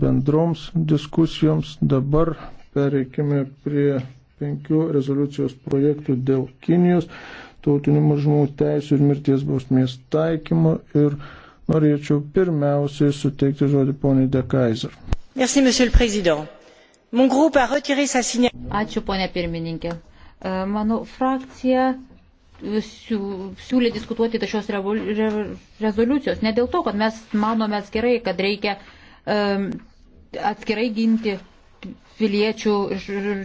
bendroms diskusijoms. Dabar pereikime prie penkių rezoliucijos projektų dėl Kinijos, tautinių mažumų teisų ir mirties bausmės taikymo ir norėčiau pirmiausiai suteikti žodį poniai De Kaiser. Merci, monsieur le président. Mon groupe a retiré sa signature. Ačiū, ponia pirmininkė. E, mano frakcija siūlė diskutuoti šios rezoliucijos. Ne dėl to, kad mes manome atskirai, kad reikia um, atskirai ginti piliečių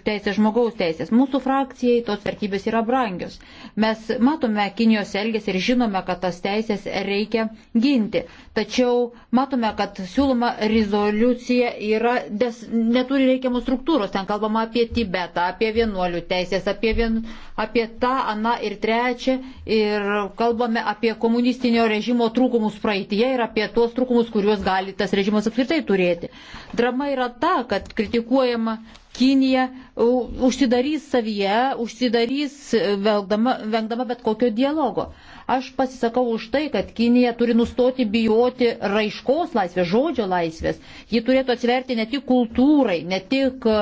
teisės, žmogaus teisės. Mūsų frakcijai tos vertybės yra brangios. Mes matome Kinijos elgesį ir žinome, kad tas teisės reikia ginti. Tačiau matome, kad siūloma rezoliucija yra, des, neturi reikiamų struktūros. Ten kalbama apie Tibetą, apie vienuolių teisės, apie, vien, apie tą, aną ir trečią. Ir kalbame apie komunistinio režimo trūkumus praeitie ir apie tuos trūkumus, kuriuos gali tas režimas apskritai turėti. Drama yra ta, kad kritikuojama Kinija užsidarys savyje, užsidarys e, vengdama bet kokio dialogo. Aš pasisakau už tai, kad Kinija turi nustoti bijoti raiškos laisvės, žodžio laisvės. Ji turėtų atsverti ne tik kultūrai, ne tik e,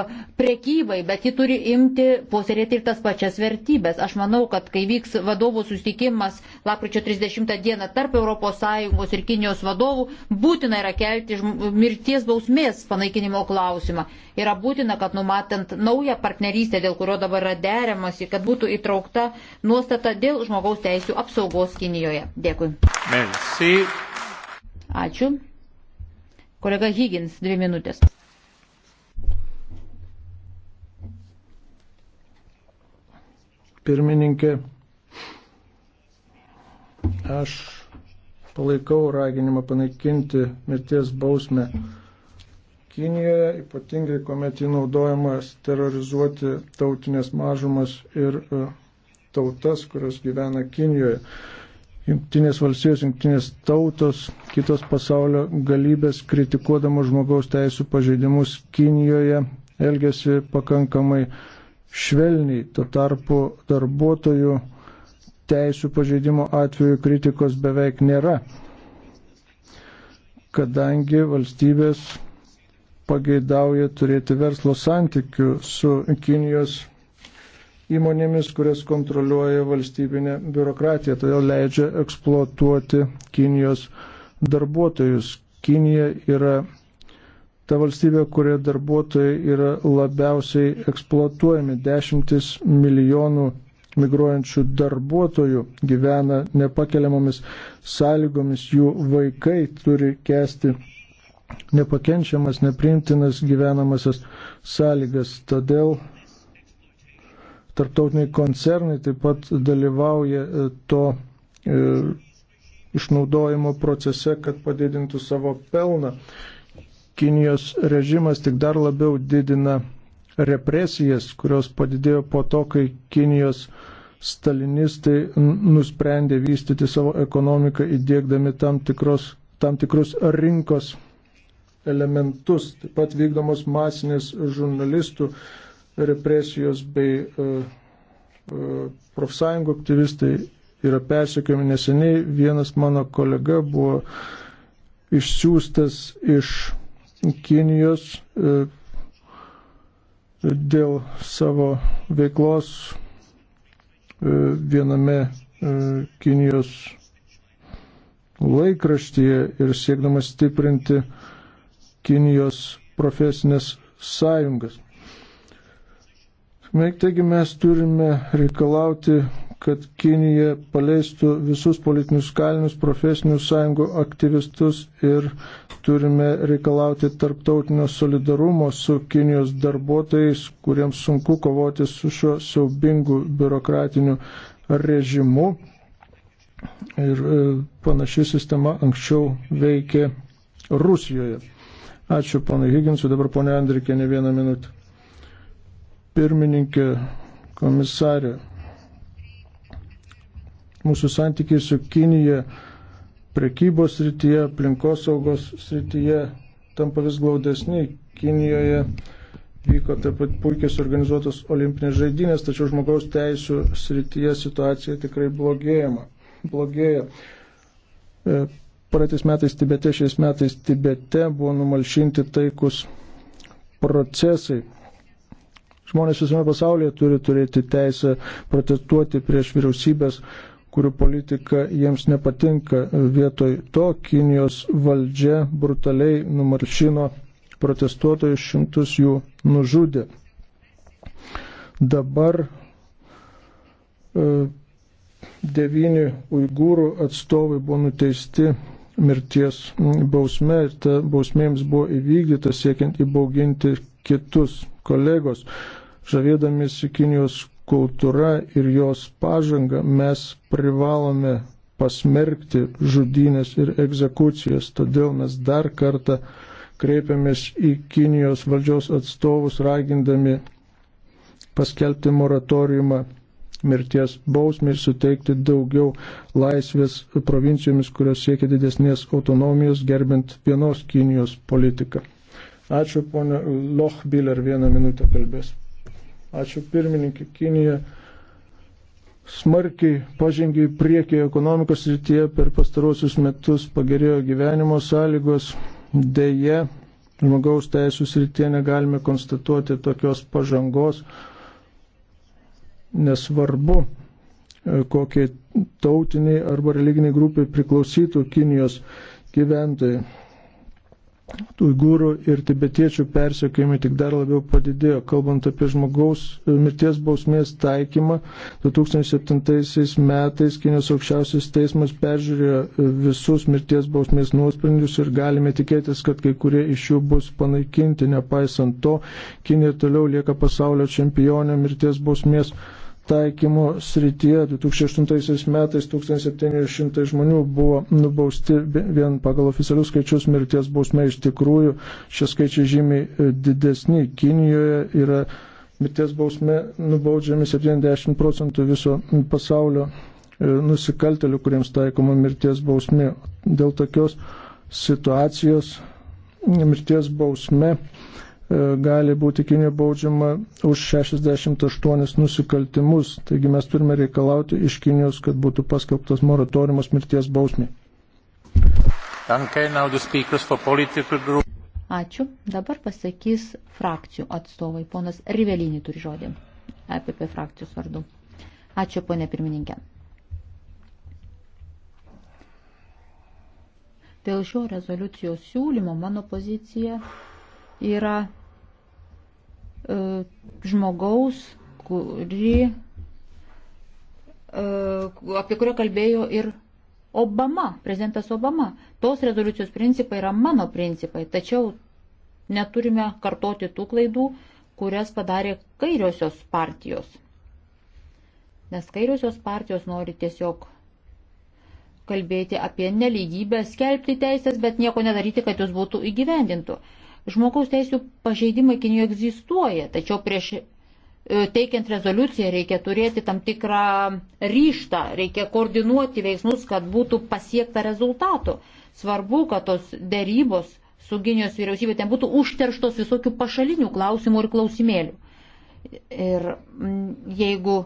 prekybai, bet ji turi imti posėlėti ir tas pačias vertybės. Aš manau, kad kai vyks vadovų susitikimas lapkričio 30 dieną tarp ES ir Kinijos vadovų, būtina yra kelti mirties bausmės panaikinimo klausimą. Yra būtina, kad numatant naują partnerystę, dėl kurio dabar yra deramasi, kad būtų įtraukta nuostata dėl žmogaus teisų apsaugos apsaugos Kinijoje. Dėkui. Merci. Ačiū. Kolega Higgins, dvi minutės. Pirmininkė, aš palaikau raginimą panaikinti mirties bausmę Kinijoje, ypatingai kuomet jį naudojamas terrorizuoti tautinės mažumas ir uh, tautas, kurios gyvena Kinijoje. Junktinės valstijos, junktinės tautos, kitos pasaulio galybės kritikuodamos žmogaus teisų pažeidimus Kinijoje elgesi pakankamai švelniai. Tuo tarpu darbuotojų teisų pažeidimo atveju kritikos beveik nėra, kadangi valstybės pageidauja turėti verslo santykių su Kinijos įmonėmis, kurias kontroliuoja valstybinė biurokratija, todėl leidžia eksploatuoti Kinijos darbuotojus. Kinija yra ta valstybė, kurioje darbuotojai yra labiausiai eksploatuojami. Dešimtis milijonų migruojančių darbuotojų gyvena nepakeliamomis sąlygomis, jų vaikai turi kesti nepakenčiamas, nepriimtinas gyvenamasias sąlygas. Todėl tarptautiniai koncernai taip pat dalyvauja e, to e, išnaudojimo procese, kad padidintų savo pelną. Kinijos režimas tik dar labiau didina represijas, kurios padidėjo po to, kai Kinijos stalinistai nusprendė vystyti savo ekonomiką įdėkdami tam, tikros, tam tikrus rinkos elementus. Taip pat vykdomos masinės žurnalistų represijos bei e, e, profsąjungų aktyvistai yra persiekiami neseniai. Vienas mano kolega buvo išsiųstas iš Kinijos e, dėl savo veiklos viename Kinijos laikraštyje ir siekdamas stiprinti Kinijos profesinės sąjungas. Taigi mes turime reikalauti, kad Kinija paleistų visus politinius kalinius, profesinių sąjungų aktyvistus ir turime reikalauti tarptautinio solidarumo su Kinijos darbuotojais, kuriems sunku kovoti su šiuo siaubingu biurokratiniu režimu. Ir e, panaši sistema anksčiau veikė Rusijoje. Ačiū, ponai Higginsui, dabar ponia Andrikė, ne vieną minutę pirmininkė, komisarė. Mūsų santykiai su Kinija prekybos srityje, aplinkosaugos srityje tampa vis glaudesni. Kinijoje vyko taip pat puikiai suorganizuotos olimpinės žaidynės, tačiau žmogaus teisų srityje situacija tikrai blogėjama. blogėja. E, praeitais metais Tibete, šiais metais Tibete buvo numalšinti taikus procesai. Žmonės visame pasaulyje turi turėti teisę protestuoti prieš vyriausybės, kurių politika jiems nepatinka. Vietoj to Kinijos valdžia brutaliai numaršino protestuotojus, šimtus jų nužudė. Dabar e, devyni uigūrų atstovai buvo nuteisti mirties bausme ir ta bausmėms buvo įvykdyta siekiant įbauginti kitus kolegos. Žavėdamiesi Kinijos kultūra ir jos pažanga mes privalome pasmerkti žudynės ir egzekucijas. Todėl mes dar kartą kreipiamės į Kinijos valdžios atstovus, ragindami paskelbti moratoriumą mirties bausmį ir suteikti daugiau laisvės provincijomis, kurios siekia didesnės autonomijos, gerbint vienos Kinijos politiką. Ačiū, ponia Lochbiller, vieną minutę kalbės. Ačiū pirmininkė. Kinija smarkiai pažengė į priekį ekonomikos rytyje per pastarosius metus pagerėjo gyvenimo sąlygos. Deja, žmogaus teisų srityje negalime konstatuoti tokios pažangos. Nesvarbu, e, kokie tautiniai arba religiniai grupiai priklausytų Kinijos gyventojai uigūrų ir tibetiečių persiekėjimai tik dar labiau padidėjo. Kalbant apie žmogaus e, mirties bausmės taikymą, 2007 metais Kinijos aukščiausias teismas peržiūrėjo e, visus mirties bausmės nuosprendžius ir galime tikėtis, kad kai kurie iš jų bus panaikinti. Nepaisant to, Kinija toliau lieka pasaulio čempionė mirties bausmės taikymo srityje 2008 metais 1700 žmonių buvo nubausti vien pagal oficialius skaičius mirties bausme. Iš tikrųjų, šie skaičiai žymiai e, didesni. Kinijoje yra mirties bausme nubaudžiami 70 procentų viso pasaulio e, nusikaltelių, kuriems taikoma mirties bausmė. Dėl tokios situacijos mirties bausme E, gali būti Kinija baudžiama už 68 nusikaltimus. Taigi mes turime reikalauti iš Kinijos, kad būtų paskelbtas moratoriumas mirties bausmė. Ačiū. Dabar pasakys frakcijų atstovai. Ponas Rivelinį turi žodį. EPP frakcijos vardu. Ačiū, ponė pirmininkė. Dėl šio rezoliucijos siūlymo mano pozicija yra E, žmogaus, kuri, e, apie kurią kalbėjo ir Obama, prezidentas Obama. Tos rezoliucijos principai yra mano principai, tačiau neturime kartoti tų klaidų, kurias padarė kairiosios partijos. Nes kairiosios partijos nori tiesiog kalbėti apie neligybę, skelbti teisės, bet nieko nedaryti, kad jos būtų įgyvendintų. Žmogaus teisų pažeidimai Kinijoje egzistuoja, tačiau prieš e, teikiant rezoliuciją reikia turėti tam tikrą ryštą, reikia koordinuoti veiksmus, kad būtų pasiekta rezultatų. Svarbu, kad tos dėrybos su Kinijos vyriausybė ten būtų užterštos visokių pašalinių klausimų ir klausimėlių. Ir jeigu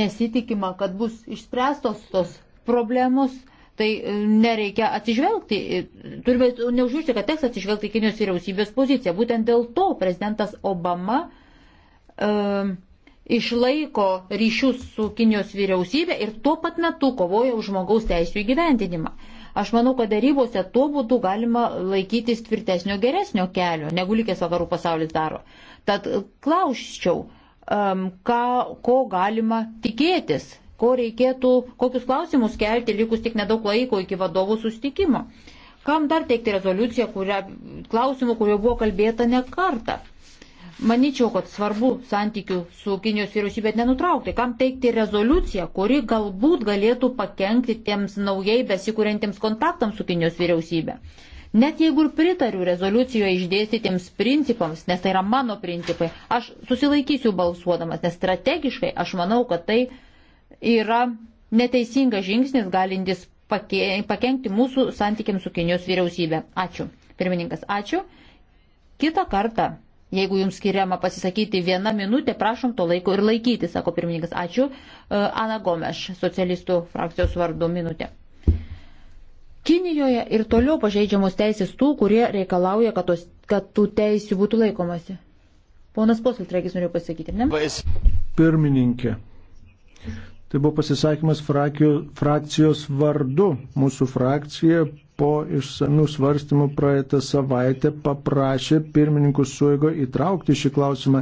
nesitikima, kad bus išspręstos tos problemos, tai e, nereikia atsižvelgti, turime neužmiršti, kad teks atsižvelgti Kinijos vyriausybės poziciją. Būtent dėl to prezidentas Obama um, išlaiko ryšius su Kinijos vyriausybė ir tuo pat metu kovoja už žmogaus teisų įgyvendinimą. Aš manau, kad darybose tuo būdu galima laikytis tvirtesnio, geresnio kelio, negu likęs vakarų pasaulis daro. Tad klausčiau, um, ką, ko galima tikėtis ko reikėtų, kokius klausimus kelti, likus tik nedaug laiko iki vadovų sustikimo. Kam dar teikti rezoliuciją, kurią, klausimų, kurio buvo kalbėta ne kartą. Maničiau, kad svarbu santykių su Kinijos vyriausybė nenutraukti. Kam teikti rezoliuciją, kuri galbūt galėtų pakengti tiems naujai besikūrentiems kontaktams su Kinijos vyriausybė. Net jeigu ir pritariu rezoliucijoje išdėstytiems principams, nes tai yra mano principai, aš susilaikysiu balsuodamas, nes strategiškai aš manau, kad tai yra neteisingas žingsnis galintis pakengti mūsų santykiams su Kinijos vyriausybė. Ačiū. Pirmininkas, ačiū. Kita kartą, jeigu jums skiriama pasisakyti vieną minutę, prašom to laiko ir laikyti, sako pirmininkas. Ačiū. E, Ana Gomeš, socialistų frakcijos vardu minutė. Kinijoje ir toliau pažeidžiamos teisės tų, kurie reikalauja, kad, tos, kad tų teisių būtų laikomasi. Ponas Posiltrekis norėjo pasakyti, ne? Pirmininkė. Tai buvo pasisakymas frakcijos vardu. Mūsų frakcija po išsamių svarstymų praeitą savaitę paprašė pirmininkų suėgo įtraukti šį klausimą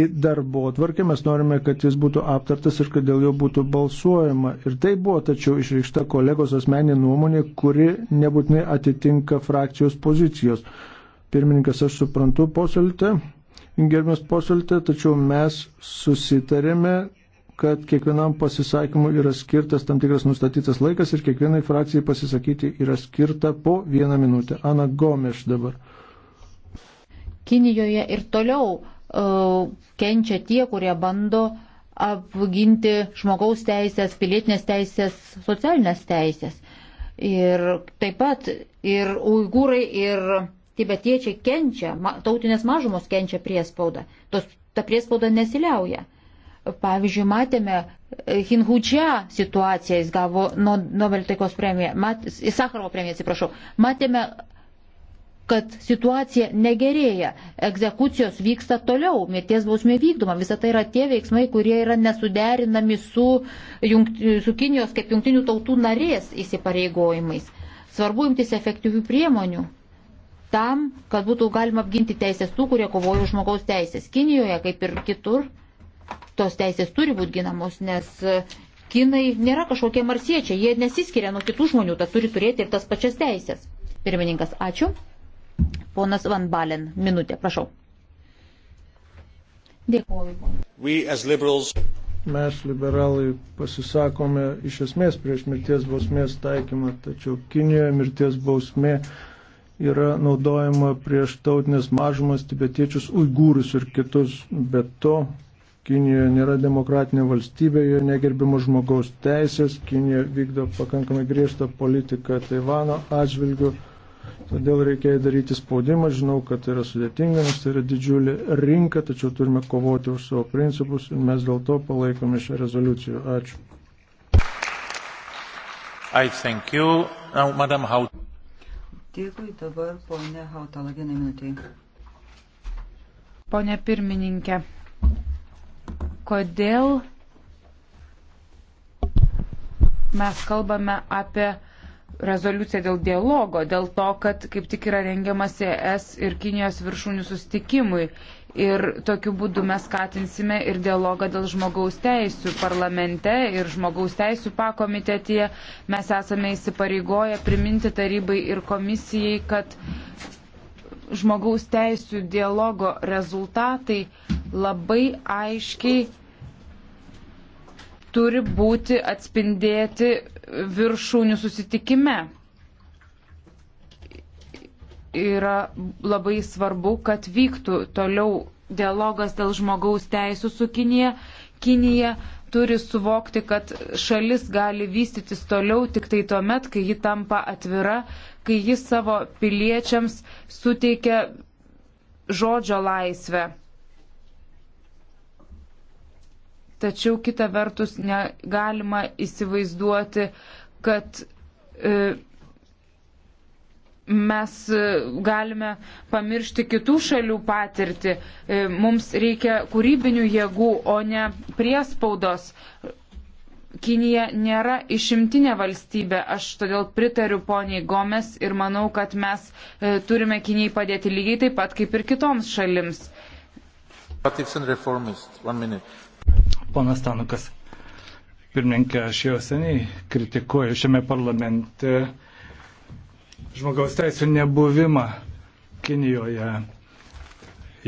į darbo atvarkę. Mes norime, kad jis būtų aptartas ir kad dėl jo būtų balsuojama. Ir tai buvo tačiau išreikšta kolegos asmeninė nuomonė, kuri nebūtinai atitinka frakcijos pozicijos. Pirmininkas, aš suprantu posiltę, gerbiamas posiltę, tačiau mes susitarėme kad kiekvienam pasisakymui yra skirtas tam tikras nustatytas laikas ir kiekvienai frakcijai pasisakyti yra skirta po vieną minutę. Ana Gomeš dabar. Kinijoje ir toliau uh, kenčia tie, kurie bando apginti žmogaus teisės, pilietinės teisės, socialinės teisės. Ir taip pat ir uigūrai, ir tibetiečiai kenčia, tautinės mažumos kenčia priespaudą. Tos, ta priespauda nesiliauja. Pavyzdžiui, matėme e, Hinhudžia situaciją, jis gavo Nobelio taikos premiją, mat, Sakarovo premiją, atsiprašau. Matėme, kad situacija negerėja, egzekucijos vyksta toliau, mirties bausmė vykdoma, visa tai yra tie veiksmai, kurie yra nesuderinami su, jungt, su Kinijos kaip jungtinių tautų narės įsipareigojimais. Svarbu imtis efektyvių priemonių tam, kad būtų galima apginti teisės tų, kurie kovoja už žmogaus teisės. Kinijoje, kaip ir kitur, tos teisės turi būti ginamos, nes e, kinai nėra kažkokie marsiečiai, jie nesiskiria nuo kitų žmonių, tad turi turėti ir tas pačias teisės. Pirmininkas, ačiū. Ponas Van Balen, minutė, prašau. Dėkuoju. Mes liberalai pasisakome iš esmės prieš mirties bausmės taikymą, tačiau Kinijoje mirties bausmė yra naudojama prieš tautinės mažumas, tibetiečius, uigūrus ir kitus. Be to Kinijoje nėra demokratinė valstybė, joje negerbimo žmogaus teisės, Kinija vykdo pakankamai griežtą politiką Taivano atžvilgių, todėl reikia daryti spaudimą, žinau, kad tai yra sudėtinga, nes tai yra didžiulė rinka, tačiau turime kovoti už savo principus ir mes dėl to palaikome šią rezoliuciją. Ačiū. I thank you. Now, Madam Haut. Dėkui dabar, ponė Hautala, vieną minutę. Pone pirmininkė kodėl mes kalbame apie rezoliuciją dėl dialogo, dėl to, kad kaip tik yra rengiamasi ES ir Kinijos viršūnių sustikimui. Ir tokiu būdu mes skatinsime ir dialogą dėl žmogaus teisų parlamente ir žmogaus teisų pakomitetyje. Mes esame įsipareigoję priminti tarybai ir komisijai, kad žmogaus teisų dialogo rezultatai labai aiškiai turi būti atspindėti viršūnių susitikime. Yra labai svarbu, kad vyktų toliau dialogas dėl žmogaus teisų su Kinija. Kinija turi suvokti, kad šalis gali vystytis toliau tik tai tuo met, kai ji tampa atvira, kai ji savo piliečiams suteikia žodžio laisvę. tačiau kita vertus negalima įsivaizduoti, kad e, mes e, galime pamiršti kitų šalių patirtį. E, mums reikia kūrybinių jėgų, o ne priespaudos. Kinija nėra išimtinė valstybė, aš todėl pritariu poniai Gomes ir manau, kad mes e, turime Kinijai padėti lygiai taip pat kaip ir kitoms šalims. Ponas Tanukas, pirmininkė, aš jau seniai kritikuoju šiame parlamente žmogaus teisų nebuvimą Kinijoje,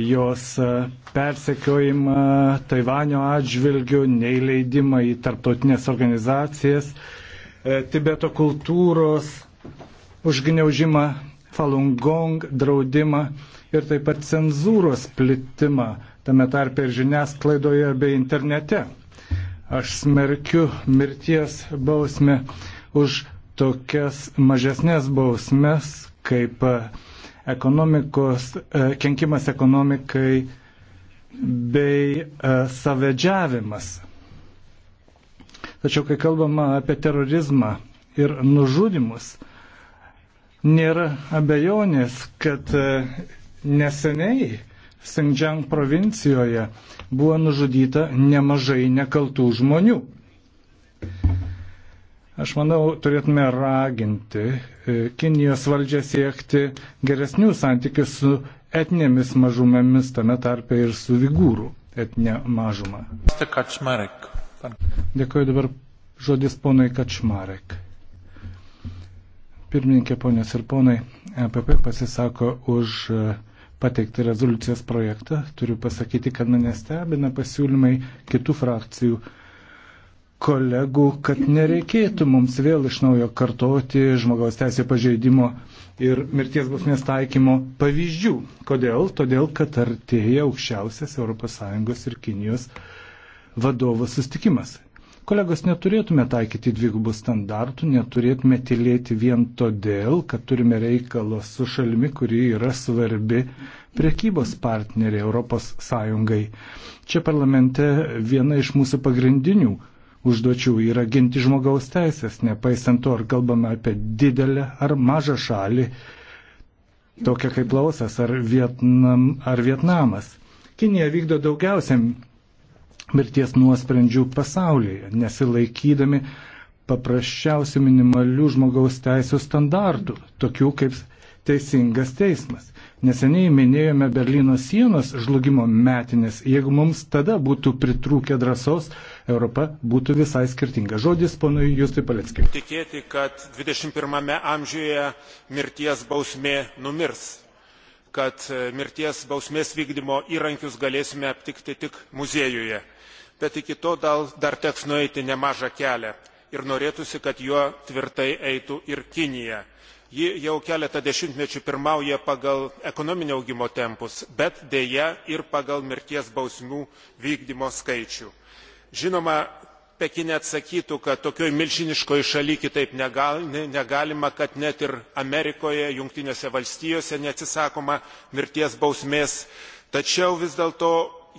jos e, persekiojimą Taivanio atžvilgių, neįleidimą į tarptautinės organizacijas, e, Tibeto kultūros užgneužimą, Falun Gong draudimą ir taip pat cenzūros plitimą tame tarpe ir žiniasklaidoje bei internete. Aš smerkiu mirties bausmę už tokias mažesnės bausmes, kaip e, ekonomikos, e, kenkimas ekonomikai bei e, savedžiavimas. Tačiau, kai kalbama apie terorizmą ir nužudimus, nėra abejonės, kad neseniai Sengdžiang provincijoje buvo nužudyta nemažai nekaltų žmonių. Aš manau, turėtume raginti e, Kinijos valdžią siekti geresnių santykių su etinėmis mažumėmis, tame tarpe ir su vigūrų etinė mažuma. Dėkuoju dabar žodis ponai Kačmarek. Pirmininkė, ponės ir ponai, EPP pasisako už uh, pateiktą rezoliucijos projektą. Turiu pasakyti, kad mane stebina pasiūlymai kitų frakcijų kolegų, kad nereikėtų mums vėl iš naujo kartoti žmogaus teisė pažeidimo ir mirties bausmės taikymo pavyzdžių. Kodėl? Todėl, kad artėja aukščiausias ES ir Kinijos vadovų sustikimas. Kolegos, neturėtume taikyti dvigubų standartų, neturėtume tylėti vien todėl, kad turime reikalą su šalimi, kuri yra svarbi priekybos partneriai ES. Čia parlamente viena iš mūsų pagrindinių užduočių yra ginti žmogaus teisės, nepaisant to, ar kalbame apie didelę ar mažą šalį, tokią kaip Laosas ar, Vietnam, ar Vietnamas. Kinija vykdo daugiausiai mirties nuosprendžių pasaulyje, nesilaikydami paprasčiausių minimalių žmogaus teisų standartų, tokių kaip teisingas teismas. Neseniai minėjome Berlyno sienos žlugimo metinės. Jeigu mums tada būtų pritrūkę drąsos, Europa būtų visai skirtinga. Žodis ponui Justui Paleckiai. Tikėti, kad 21 amžiuje mirties bausmė numirs kad e, mirties bausmės vykdymo įrankius galėsime aptikti tik muziejuje. Bet iki to dal, dar teks nueiti nemažą kelią ir norėtųsi, kad juo tvirtai eitų ir Kinija. Ji jau keletą dešimtmečių pirmauja pagal ekonominio augimo tempus, bet dėja ir pagal mirties bausmių vykdymo skaičių. Žinoma, pekinė atsakytų kad tokioj milžiniškoj šaly kitaip negalima kad net ir amerikoje jungtinėse valstijose neatsisakoma mirties bausmės tačiau vis dėlto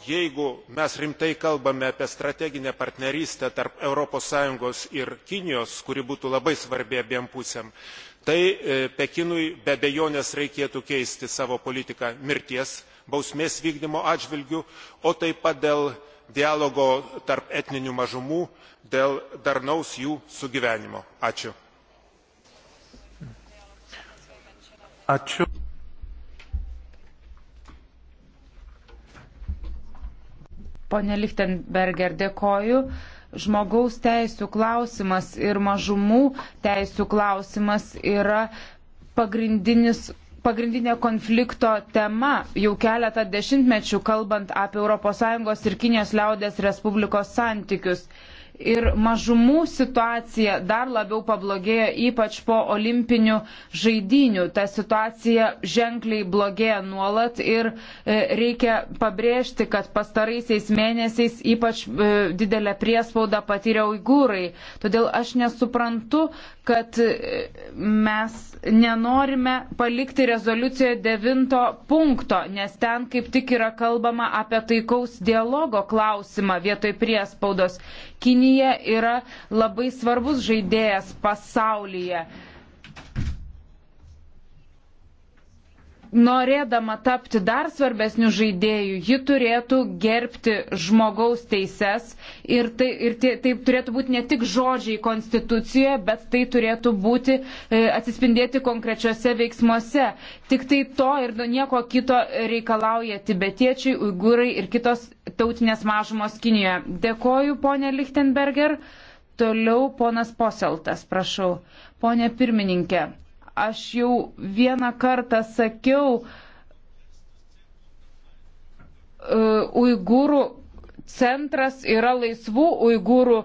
jeigu mes rimtai kalbame apie strateginę partnerystę tarp europos sąjungos ir kinijos kuri būtų labai svarbi abiem pusėm tai e, pekinui be abejonės reikėtų keisti savo politiką mirties bausmės vykdymo atžvilgiu o taip pat dėl dialogo tarp etninių mažumų dėl darnaus jų sugyvenimo. Ačiū. Ačiū. Pone Lichtenberger, dėkoju. Žmogaus teisų klausimas ir mažumų teisų klausimas yra pagrindinis pagrindinė konflikto tema jau keletą dešimtmečių kalbant apie ES ir Kinijos liaudės Respublikos santykius ir mažumų situacija dar labiau pablogėjo, ypač po olimpinių žaidinių. Ta situacija ženkliai blogėja nuolat ir e, reikia pabrėžti, kad pastaraisiais mėnesiais ypač e, didelę priespaudą patyrė uigūrai. Todėl aš nesuprantu, kad e, mes nenorime palikti rezoliucijoje devinto punkto, nes ten kaip tik yra kalbama apie taikaus dialogo klausimą vietoj priespaudos. Kinija Kinija yra labai svarbus žaidėjas pasaulyje. norėdama tapti dar svarbesnių žaidėjų, ji turėtų gerbti žmogaus teises ir, tai, ir tai, tai turėtų būti ne tik žodžiai konstitucijoje, bet tai turėtų būti e, atsispindėti konkrečiose veiksmuose. Tik tai to ir nieko kito reikalauja tibetiečiai, uigūrai ir kitos tautinės mažumos Kinijoje. Dėkoju, ponė Lichtenberger. Toliau ponas Poseltas, prašau. Pone pirmininkė, aš jau vieną kartą sakiau, e, Uigūrų centras yra laisvų uigūrų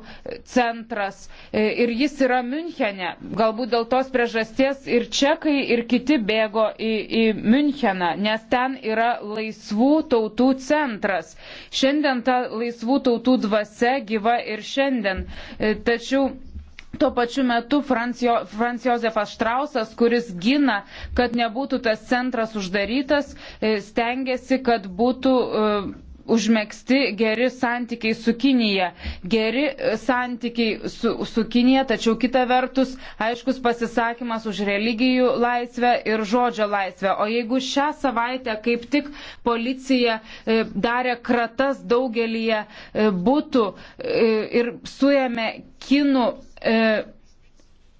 centras e, ir jis yra Münchenė. Galbūt dėl tos priežasties ir čekai, ir kiti bėgo į, į Müncheną, nes ten yra laisvų tautų centras. Šiandien ta laisvų tautų dvasia gyva ir šiandien. E, tačiau Tuo pačiu metu Francio, Franz Josefas Štrausas, kuris gina, kad nebūtų tas centras uždarytas, e, stengiasi, kad būtų užmėgsti geri santykiai su Kinija. Geri e, santykiai su, su Kinija, tačiau kita vertus aiškus pasisakymas už religijų laisvę ir žodžio laisvę. O jeigu šią savaitę kaip tik policija e, darė kratas daugelį e, būtų e, ir suėmė kinų. E,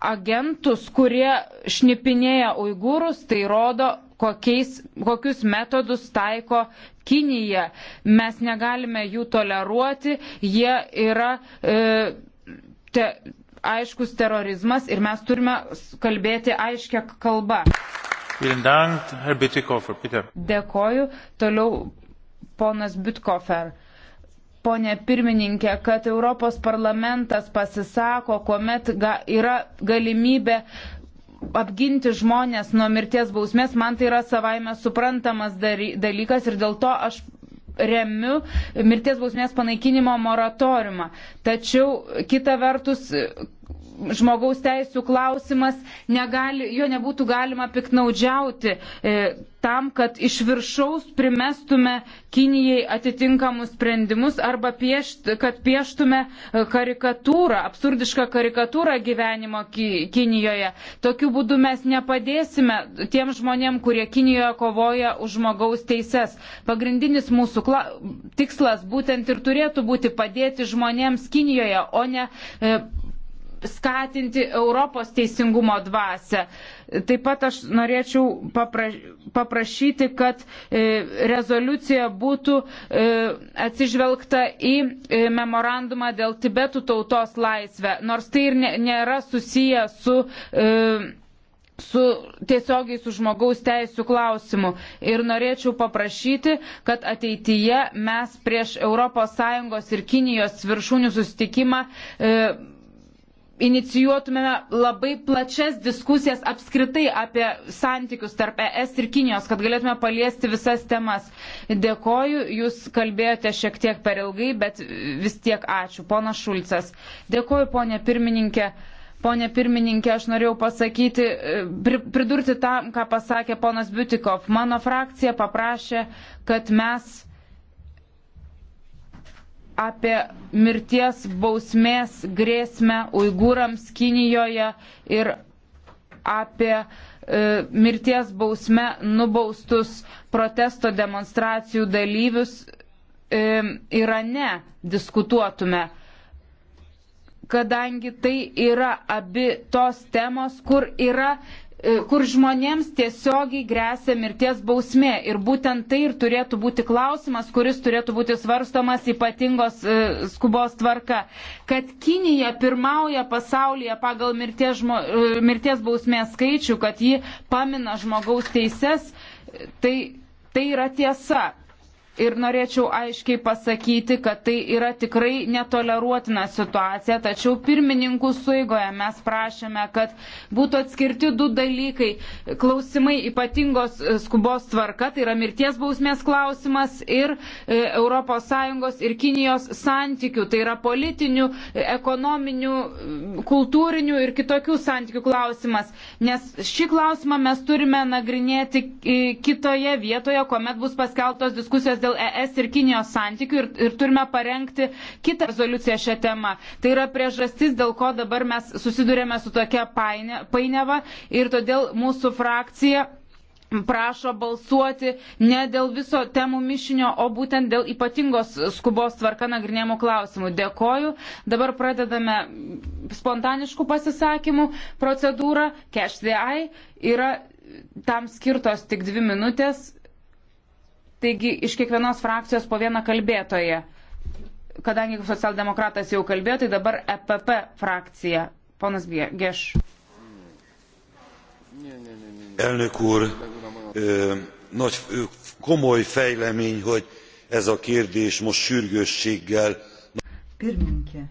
agentus, kurie šnipinėja uigūrus, tai rodo, kokiais, kokius metodus taiko Kinija. Mes negalime jų toleruoti, jie yra. E, te, aiškus terorizmas ir mes turime kalbėti aiškę kalbą. Dėkoju. Toliau ponas Bitkofer ponė pirmininkė, kad Europos parlamentas pasisako, kuomet ga, yra galimybė apginti žmonės nuo mirties bausmės, man tai yra savaime suprantamas dalykas ir dėl to aš remiu mirties bausmės panaikinimo moratoriumą. Tačiau kita vertus, žmogaus teisų klausimas, negali, jo nebūtų galima piknaudžiauti e, tam, kad iš viršaus primestume Kinijai atitinkamus sprendimus arba piešt, kad pieštume e, karikatūrą, absurdišką karikatūrą gyvenimo ki, Kinijoje. Tokiu būdu mes nepadėsime tiem žmonėm, kurie Kinijoje kovoja už žmogaus teises. Pagrindinis mūsų kla, tikslas būtent ir turėtų būti padėti žmonėms Kinijoje, o ne e, skatinti Europos teisingumo dvasę. Taip pat aš norėčiau paprašyti, kad e, rezoliucija būtų e, atsižvelgta į e, memorandumą dėl Tibetų tautos laisvę, nors tai ir nėra susiję su su tiesiogiai su žmogaus teisų klausimu. Ir norėčiau paprašyti, kad ateityje mes prieš ES ir Kinijos viršūnių susitikimą e, inicijuotumėme labai plačias diskusijas apskritai apie santykius tarp ES ir Kinijos, kad galėtume paliesti visas temas. Dėkoju, jūs kalbėjote šiek tiek per ilgai, bet vis tiek ačiū. Pona Šulcas. Dėkoju, ponė pirmininkė. Pone pirmininkė, aš norėjau pasakyti, pridurti tam, ką pasakė ponas Butikov. Mano frakcija paprašė, kad mes apie mirties bausmės grėsmę uigūrams Kinijoje ir apie e, mirties bausme nubaustus protesto demonstracijų dalyvius e, Irane diskutuotume kadangi tai yra abi tos temos, kur yra E, kur žmonėms tiesiogiai grėsia mirties bausmė. Ir būtent tai ir turėtų būti klausimas, kuris turėtų būti svarstomas ypatingos e, skubos tvarka. Kad Kinija pirmauja pasaulyje pagal mirties, žmo, e, mirties bausmės skaičių, kad ji pamina žmogaus teises, tai, tai yra tiesa ir norėčiau aiškiai pasakyti, kad tai yra tikrai netoleruotina situacija, tačiau pirmininkų suigoje mes prašėme, kad būtų atskirti du dalykai. Klausimai ypatingos e, skubos tvarka, tai yra mirties bausmės klausimas ir ES ir Kinijos santykių, tai yra politinių, e, ekonominių, kultūrinių ir kitokių santykių klausimas. Nes šį klausimą mes turime nagrinėti e, kitoje vietoje, kuomet bus paskeltos diskusijos dėl ES ir Kinijos santykių ir, ir turime parengti kitą rezoliuciją šią temą. Tai yra priežastis, dėl ko dabar mes susidurėme su tokia paine, paineva ir todėl mūsų frakcija prašo balsuoti ne dėl viso temų mišinio, o būtent dėl ypatingos skubos tvarka nagrinėjimų klausimų. Dėkoju. Dabar pradedame spontaniškų pasisakymų procedūrą. Cash the eye yra tam skirtos tik dvi minutės. Taigi iš kiekvienos frakcijos po vieną kalbėtoją. Kadangi socialdemokratas jau kalbėjo, tai dabar EPP frakcija. Ponas Geš. Elnök úr, nagy komoly fejlemény, hogy ez a kérdés most sürgősséggel. Pirmininkė.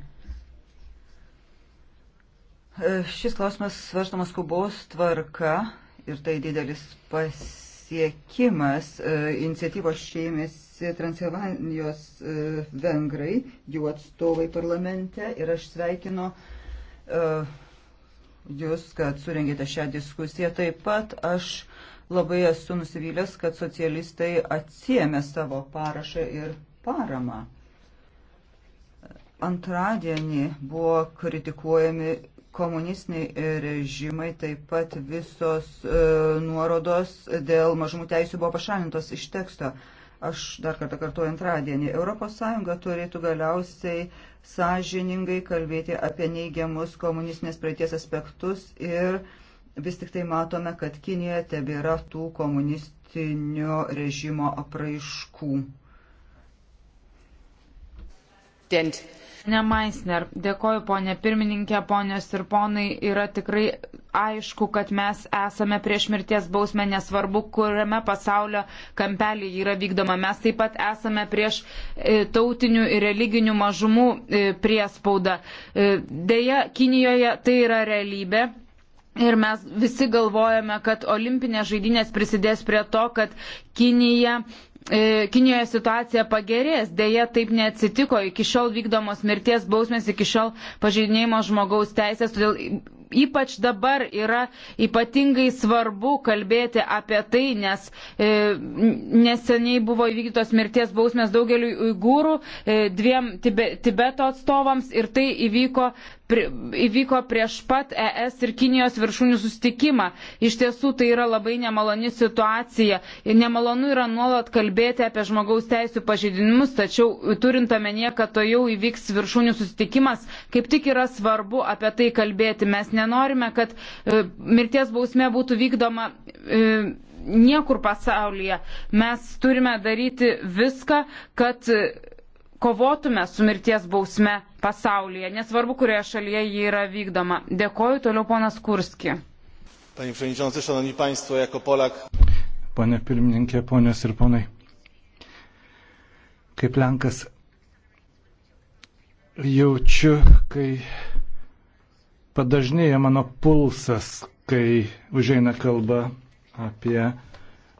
Šis klausimas svarstamas skubos tvarka ir tai didelis pasirinkimas pasiekimas. E, iniciatyvos šėmėsi Transilvanijos e, vengrai, jų atstovai parlamente ir aš sveikinu e, jūs, kad surengėte šią diskusiją. Taip pat aš labai esu nusivylęs, kad socialistai atsiemė savo parašą ir paramą. Antradienį buvo kritikuojami komunistiniai režimai, taip pat visos e, nuorodos dėl mažumų teisų buvo pašalintos iš teksto. Aš dar kartą kartuoju antradienį. ES turėtų galiausiai sąžiningai kalbėti apie neigiamus komunistinės praeities aspektus ir vis tik tai matome, kad Kinijoje tebėra tų komunistinio režimo apraiškų. Präsident. Ne Maisner, dėkoju ponė pirmininkė, ponės ir ponai, yra tikrai aišku, kad mes esame prieš mirties bausmę, nesvarbu, kuriame pasaulio kampelį yra vykdoma. Mes taip pat esame prieš e, tautinių ir religinių mažumų e, priespaudą. E, deja, Kinijoje tai yra realybė. Ir mes visi galvojame, kad olimpinės žaidynės prisidės prie to, kad Kinija E, Kinijoje situacija pagerės, dėja taip neatsitiko, iki šiol vykdomos mirties bausmės, iki šiol pažeidinėjimo žmogaus teisės, todėl ypač dabar yra ypatingai svarbu kalbėti apie tai, nes e, neseniai buvo įvykdytos mirties bausmės daugeliu uigūrų, e, dviem tibe, Tibeto atstovams ir tai įvyko pri, įvyko prieš pat ES ir Kinijos viršūnių sustikimą. Iš tiesų tai yra labai nemaloni situacija. Nemalonu yra nuolat kalbėti apie žmogaus teisų pažeidinimus, tačiau turint omenyje, kad to jau įvyks viršūnių sustikimas, kaip tik yra svarbu apie tai kalbėti. Mes nenorime, kad e, mirties bausmė būtų vykdoma. E, Niekur pasaulyje mes turime daryti viską, kad e, kovotume su mirties bausme pasaulyje, nesvarbu, kurioje šalyje ji yra vykdoma. Dėkoju toliau ponas Kurski. Panie Przewodniczący, Szanowni Państwo, jako Polak. Panie Pirmininkė, ponios ir ponai. Kaip Lenkas jaučiu, kai padažnėja mano pulsas, kai užeina kalba apie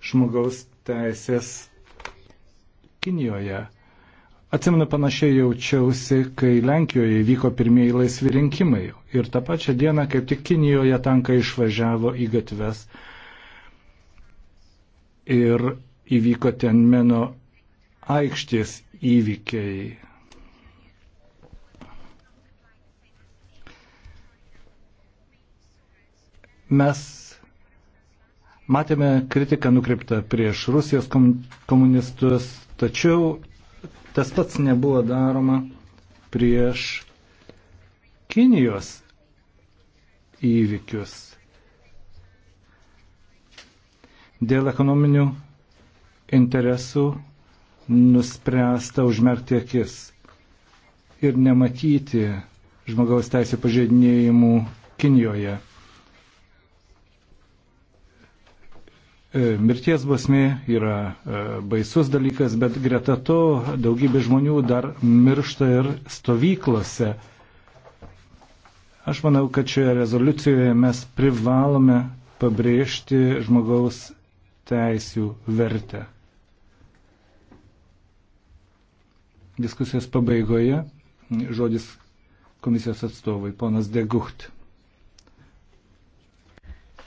žmogaus teisės Kinijoje. Atsimenu panašiai jaučiausi, kai Lenkijoje vyko pirmieji laisvi rinkimai ir tą pačią dieną kaip tik Kinijoje tankai išvažiavo į gatves ir įvyko ten meno aikštės įvykiai. mes matėme kritiką nukreiptą prieš Rusijos komunistus, tačiau Tas pats nebuvo daroma prieš Kinijos įvykius. Dėl ekonominių interesų nuspręsta užmerkti akis ir nematyti žmogaus teisė pažeidinėjimų Kinijoje. E, mirties basmė yra e, baisus dalykas, bet greta to daugybė žmonių dar miršta ir stovyklose. Aš manau, kad šioje rezoliucijoje mes privalome pabrėžti žmogaus teisių vertę. Diskusijos pabaigoje žodis komisijos atstovai, ponas Degucht.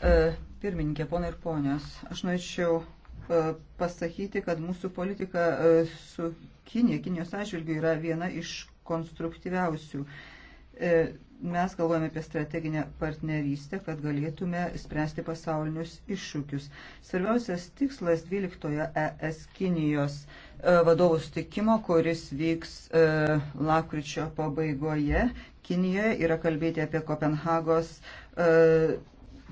Uh. E, Pirmininkė, ponai ir ponios, aš norėčiau e, pasakyti, kad mūsų politika e, su Kinė, Kinijos atžvilgiu yra viena iš konstruktyviausių. E, mes galvojame apie strateginę partnerystę, kad galėtume spręsti pasaulinius iššūkius. Svarbiausias tikslas 12 ES Kinijos vadovų stikimo, kuris vyks lakryčio pabaigoje Kinijoje, yra kalbėti apie Kopenhagos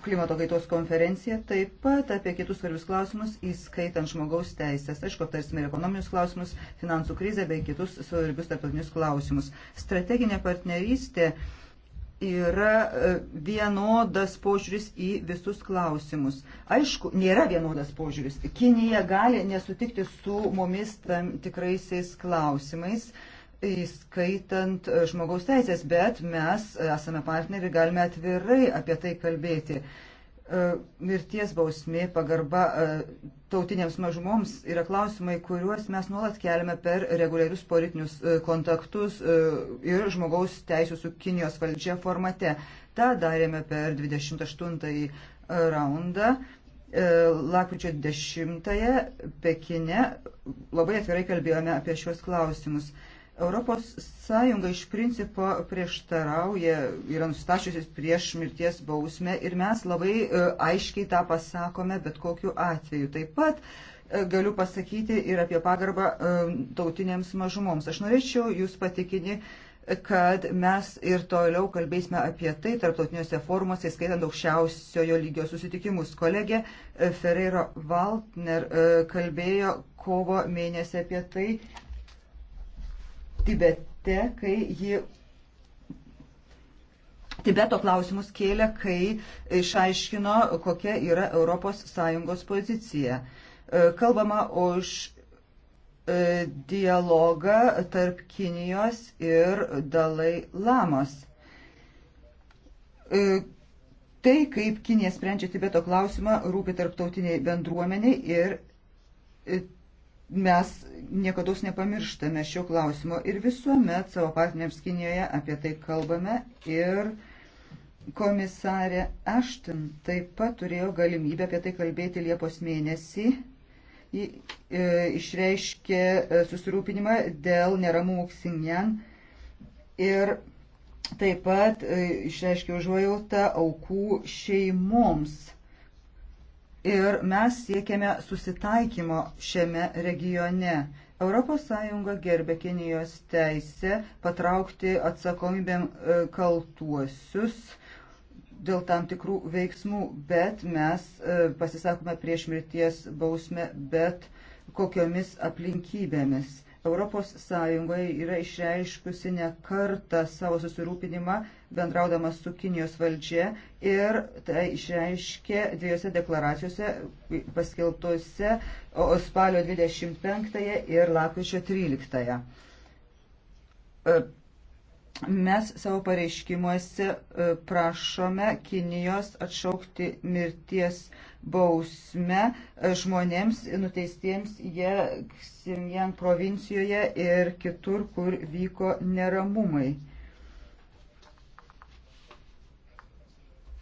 klimato kaitos konferenciją, taip pat apie kitus svarbius klausimus, įskaitant žmogaus teisės. Aišku, aptarsime ir ekonominius klausimus, finansų krizę bei kitus svarbius tarptautinius klausimus. Strateginė partnerystė yra e, vienodas požiūris į visus klausimus. Aišku, nėra vienodas požiūris. Kinija gali nesutikti su mumis tam tikraisiais klausimais. Uh, įskaitant e, žmogaus teisės, bet mes e, esame partneriai, galime atvirai apie tai kalbėti. E, mirties bausmė, pagarba tautinėms mažumoms yra klausimai, kuriuos mes nuolat keliame per reguliarius politinius kontaktus ir žmogaus teisų su Kinijos valdžia formate. Ta darėme per 28 raundą lakryčio 10-ąją Pekine labai atvirai kalbėjome apie šios klausimus. Europos Sąjunga iš principo prieštarauja, yra nustačiusis prieš mirties bausmę ir mes labai e, aiškiai tą pasakome bet kokiu atveju. Taip pat e, galiu pasakyti ir apie pagarbą e, tautinėms mažumoms. Aš norėčiau jūs patikinį kad mes ir toliau kalbėsime apie tai tarptautiniuose forumuose, skaitant aukščiausiojo lygio susitikimus. Kolegė Ferreiro Valtner kalbėjo kovo mėnesį apie tai Tibete, kai ji Tibeto klausimus kėlė, kai išaiškino, kokia yra ES pozicija. E, kalbama už e, dialogą tarp Kinijos ir Dalai Lamos. E, tai, kaip Kinija sprendžia Tibeto klausimą, rūpi tarptautiniai bendruomeniai ir mes niekada nepamirštame šio klausimo ir visuomet savo partneriams Kinijoje apie tai kalbame ir komisarė Ashton taip pat turėjo galimybę apie tai kalbėti Liepos mėnesį. Ji e, išreiškė e, susirūpinimą dėl neramumų Xinjiang ir taip pat e, išreiškė užuojautą aukų šeimoms ir mes siekiame susitaikymo šiame regione. ES gerbė Kinijos teisę patraukti atsakomybėm e, kaltuosius dėl tam tikrų veiksmų, bet mes e, pasisakome prieš mirties bausmę, bet kokiomis aplinkybėmis. ES yra išreiškusi ne kartą savo susirūpinimą bendraudama su Kinijos valdžia ir tai išreiškė dviejose deklaracijose paskelbtose spalio 25 ir lapkričio 13. -ąją. Mes savo pareiškimuose e, prašome Kinijos atšaukti mirties bausmę e, žmonėms nuteistiems jie Xinjiang provincijoje ir kitur, kur vyko neramumai.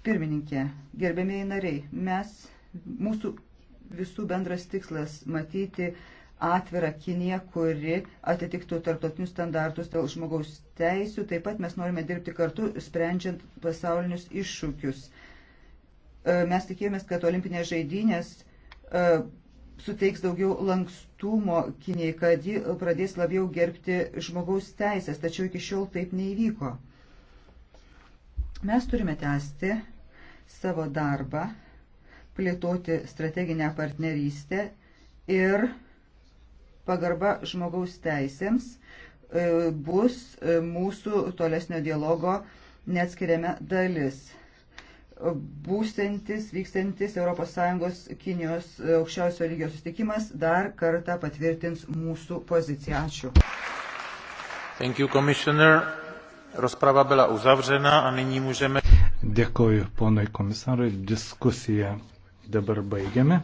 Pirmininkė, gerbėmiai nariai, mes, mūsų visų bendras tikslas matyti atvirą Kiniją, kuri atitiktų tarptautinius standartus dėl žmogaus teisų. Taip pat mes norime dirbti kartu, sprendžiant pasaulinius iššūkius. E, mes tikėjomės, kad olimpinės žaidynės e, suteiks daugiau lankstumo Kinijai, kad ji pradės labiau gerbti žmogaus teisės, tačiau iki šiol taip neįvyko. Mes turime tęsti savo darbą, plėtoti strateginę partnerystę ir pagarba žmogaus teisėms e, bus e, mūsų tolesnio dialogo neatskiriame dalis. Būsantis, vykstantis ES Kinijos e, aukščiausio lygio sustikimas dar kartą patvirtins mūsų poziciją. Ačiū. Thank you, Commissioner. Rozprava byla uzavřena a nyní můžeme. Dėkoju ponai komisarui. Diskusiją dabar baigiame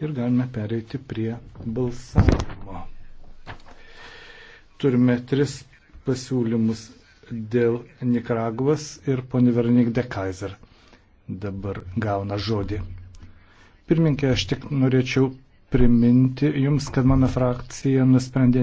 ir galime pereiti prie balsavimo. Turime tris pasiūlymus dėl Nikaragvas ir poni Veronik de Kaiser dabar gauna žodį. Pirminkė, aš tik norėčiau priminti Jums, kad mano frakcija nusprendė